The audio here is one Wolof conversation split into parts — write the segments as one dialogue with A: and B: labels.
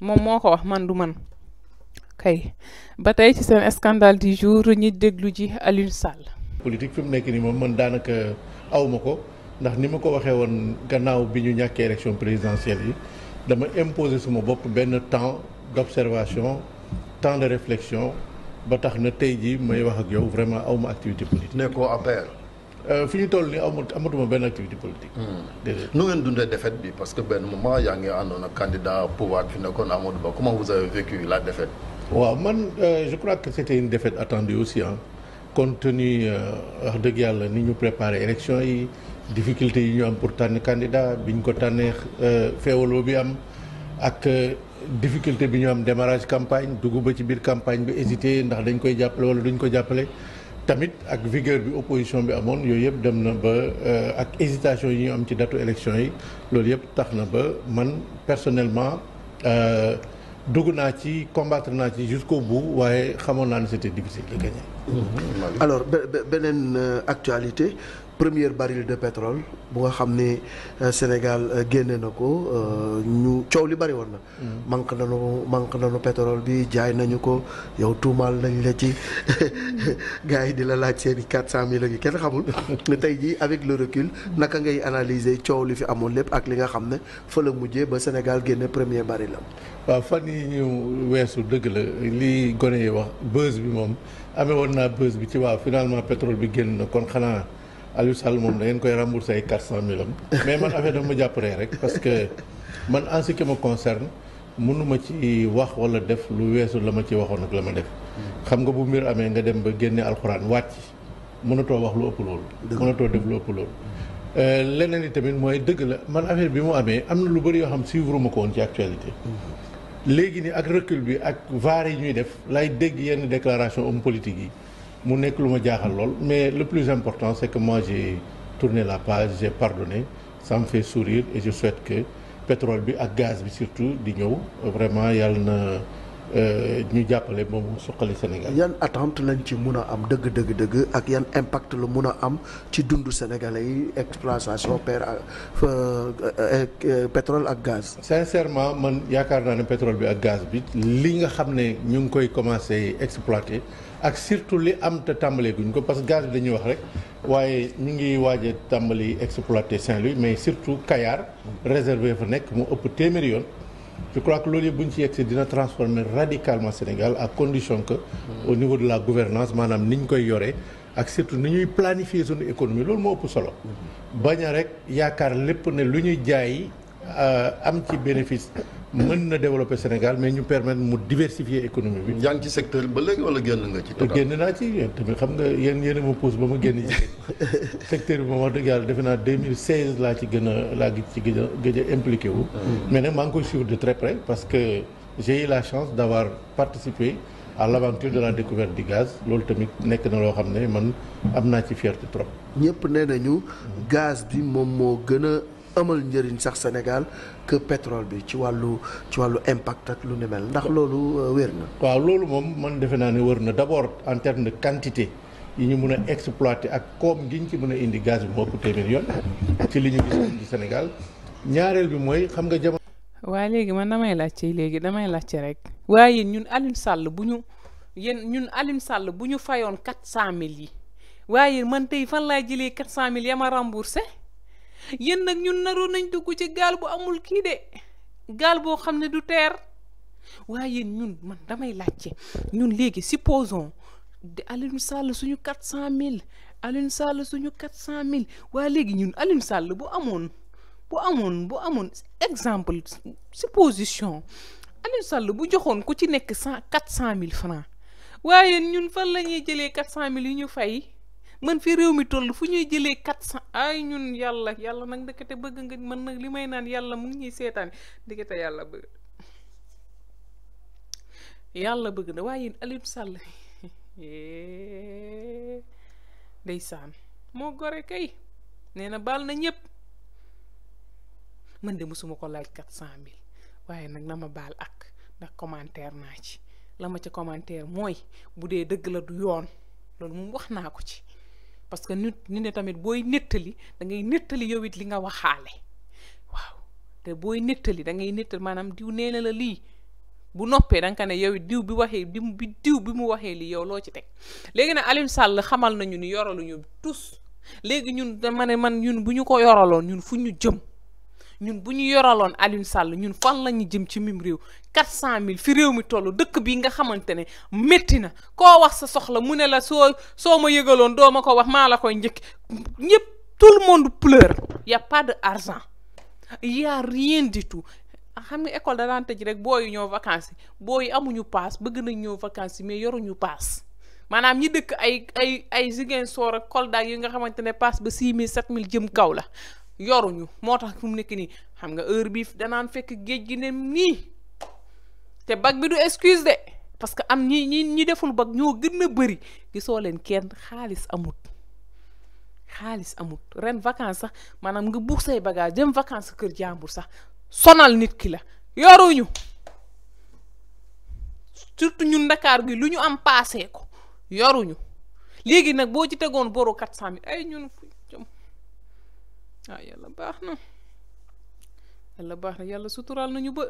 A: moom moo ko wax man du man kay ba tey ci seen scandale du jour ñi déglu ji Alioune Sall.
B: politique fi mu nekk nii moom mën daanaka aw ma ko ndax ni ma ko waxee woon gannaaw bi ñu ñàkkee élection présidentielle yi dama imposer suma bopp benn temps d'observation temps de réflexion ba tax na tey jii may wax ak yow vraiment aw ma activité politique. Euh, fini ñu toll nii amut amatuma benn activité politique.
A: nous
C: hmm. nu ngeen dundee défaite bi parce que benn moment yaa ngi àndoon ak candidat pouvoir fi nekkoon Amadou Ba comment vous avez vécu la défaite.
B: waaw man euh, je crois que c'était une défaite attendue aussi hein compte tenu euh, wax dëgg yàlla ni ñu préparé élection yi difficulté yi ñu am pour tànn candidat biñ ñu ko tànnee feewaloo bi am ak difficulté bi ñu am démarrage campagne dugg ba ci biir campagne bi hésité ndax dañ koy jàppale wala duñ ko jàppale tamit ak vigueur bi opposition bi amone yooyu yëpp dem na ba euh, ak hésitation yi am ci date élection yi loolu yëpp tax na ba man personnellement euh, dugg naa ci combattre na ci jusqu'au bout waye xamone na c'était difficile de gagner.
C: alors benen euh, actualité. première baril de pétrole bu nga xam ne euh, Sénégal euh, génne na ko euh, ñu coow li bari woon na. Mm. manque na nañu manque nañu pétrole bi jaay nañu ko yow tuumaal nañ la ci gars yi di la laaj seen i quatre cent mille ak yi kenn xamul ne tey jii avec le recul naka ngay analyser coow li fi amoon lépp ak li nga xam ne fa la mujjee ba Sénégal génne première baril am.
B: waaw fan yi ñu weesu dëgg la lii gone yi wax buzz bi moom amee woon naa buzz bi ci waa finalement pétrole bi génn na kon xanaa. Aliou Sall moom da ngeen koy remboursé ay quatre cent mille am mais man affaire dama jàppalee rek parce que man en ce qui me concerne mënuma ci wax wala def lu weesu la ma ci waxoon ak la ma def. xam nga bu mbir amee nga dem ba génne alxuraan wàcc mënatoo wax lu ëpp loolu. mënatoo def lu ëpp loolu. Euh, leneen li tamit mooy dëgg la man affaire bi mu amee am na lu bëri yoo xam suivre ma ko woon ci actualité. Mm-hmm. léegi nii ak recul bi ak vaar yi ñuy def lay dégg yenn déclaration homme politique yi. mais le plus important c'est que moi j'ai tourné la page j'ai pardonné ça me fait sourire et je souhaite que pétrole bi gaz surtout vraiment, il vraiment a na Euh, ñu jàppale moom suqali Sénégal. yan attente lañ ci mun a am dëgg dëgg
C: dëgg ak yan impact la mun a am ci dundu sénégalais yi exploitation per
B: euh, euh, pétrole ak gaz. sincèrement man yaakaar naa ne pétrole bi ak gaz bi li nga xam ne ñu ngi koy commencé exploiter ak surtout li am te tàmbalee guñ ko parce que gaz bi dañuy wax rek waaye ñu ngi waaj tàmbali exploiter Saint-Louis mais surtout Kayar réservé fa nekk mu ëpp téeméeri yoon. je crois que loolu yëpp bu ñu transformer radicalement Sénégal à condition que au niveau de la gouvernance Madame Ninko Yore accepte de planifier son économie C'est ce ëpp solo bañ a rek yaakaar lépp ne lu jaay euh, bénéfice mën na développer Sénégal mais ñu permettre mu diversifier économie bi. yaa ngi ci secteur ba léegi wala génn nga ci. total génn naa ci tamit xam nga yéen yéen a ma pousse ba ma génn ci secteur bi wax dëgg yàlla defe naa 2016 laa ci gën a laa ci gëj a gëj a impliqué wu. Hmm. mais nag maa ngi koy suivre de très près parce que j'ai eu la chance d'avoir participé à l'aventure de la découverte du gaz loolu tamit nekk na loo xam ne man am naa ci fierté trop.
C: ñëpp nee nañu gaz bi moom moo gën a. amal njëriñ sax Sénégal que pétrole bi ci wàllu ci wàllu impact ak lu ni mel ndax
B: loolu euh, wér na. waaw loolu moom man defe naa ne wër na d' abord en terme quantité yi ñu mun a exploité ak koom gi ñu ci mën a indi gaz bi moo yoon ci li
A: Sénégal ñaareel bi mooy xam nga jamono. waa léegi man damay laajte léegi damay laajte rek. waaye ñun Alioune sàll bu ñu yéen ñun Alioune sàll bu ñu fayoon quatre cent mille yi waaye man tey fan laa jëlee quatre cent mille ya ma remboursé. yéen nag ñun naroon nañ dugg ci gaal bu amul kii de gaal boo xam ne du teer waaye yéen ñun man damay laajte ñun léegi supposons Alioune Sall suñu quatre cent mille Alioune Sall suñu quatre cent mille waa léegi ñun Alioune Sall bu amoon bu amoon bu amoon exemple supposition Alioune Sall bu joxoon ku ci nekk cent quatre cent mille francs waaye ñun fan la ñuy jëlee quatre cent mille yu ñu fay. man fi réew mi toll fu ñuy jëlee 400 ay ñun yàlla yàlla nag ndekete bëgg nga man nag li may naan yàlla mu ngi ñuy seetaan ndekete yàlla bëgg yàlla bëgg na waaye yéen Aliou Sall eh, ndeysaan moo gore kay nee na baal na ñëpp man de mosuma ko laaj quatre mille waaye nag na ma baal ak ndax commentaire naa ci la ma ca commentaire mooy bu dee la du yoon loolu moom wax ci parce que nit ñu ne tamit booy nettali da ngay nettali yow it li nga waxaale waaw te booy nettali dangay ngay nettali maanaam diw nee na la lii bu noppee da nga ne yow diw bi waxee bi mu bi diw bi mu waxee lii yow loo ci teg léegi nag Alioune Sall xamal nañu ni yoraluñu tous léegi ñun dama ne man ñun bu ñu ko yoraloon ñun fu ñu jëm. ñun bu ñu yoraloon Aliou Sall ñun fan la ñu jëm ci mim réew cent mille fi réew mi toll dëkk bi nga xamante ne métti na koo wax sa soxla mu ne la soo soo ma yëgaloon doo ma ko wax maa la koy njëkk ñëpp tout le monde pleure y' a pas de argent y' a rien du tout. xam nga école da daan tëj rek booy ñoo vacance booyu amuñu paas bëgg nañ ñoo vacance mais yoruñu paas maanaam ñi dëkk ay ay ay Ziguinchor ak Kolda yi nga xamante ne paas ba six mille sept mille jëm kaw la yoruñu moo tax fu mu nekk nii xam nga heure bii danaan fekk géej gi ne nii te bag bi du excuse de parce que am ñi ñi ñi deful bag ñoo gën a bëri gisoo leen kenn xaalis amut xaalis amut ren vacances sax maanaam nga buux say bagage dem vacances kër jàmbur sax sonal nit ki la yoruñu surtout ñun Ndakaar gi lu ñu am paasee ko yoruñu léegi nag boo ci tegoon boru quatre cent ay ñun waaw ah, yàlla baax na yàlla baax na yàlla suturaal nañu ba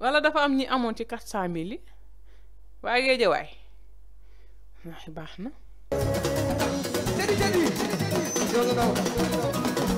A: wala dafa am ñi amoon ci quatre cent mille yi waaye géejawaay waaye baax na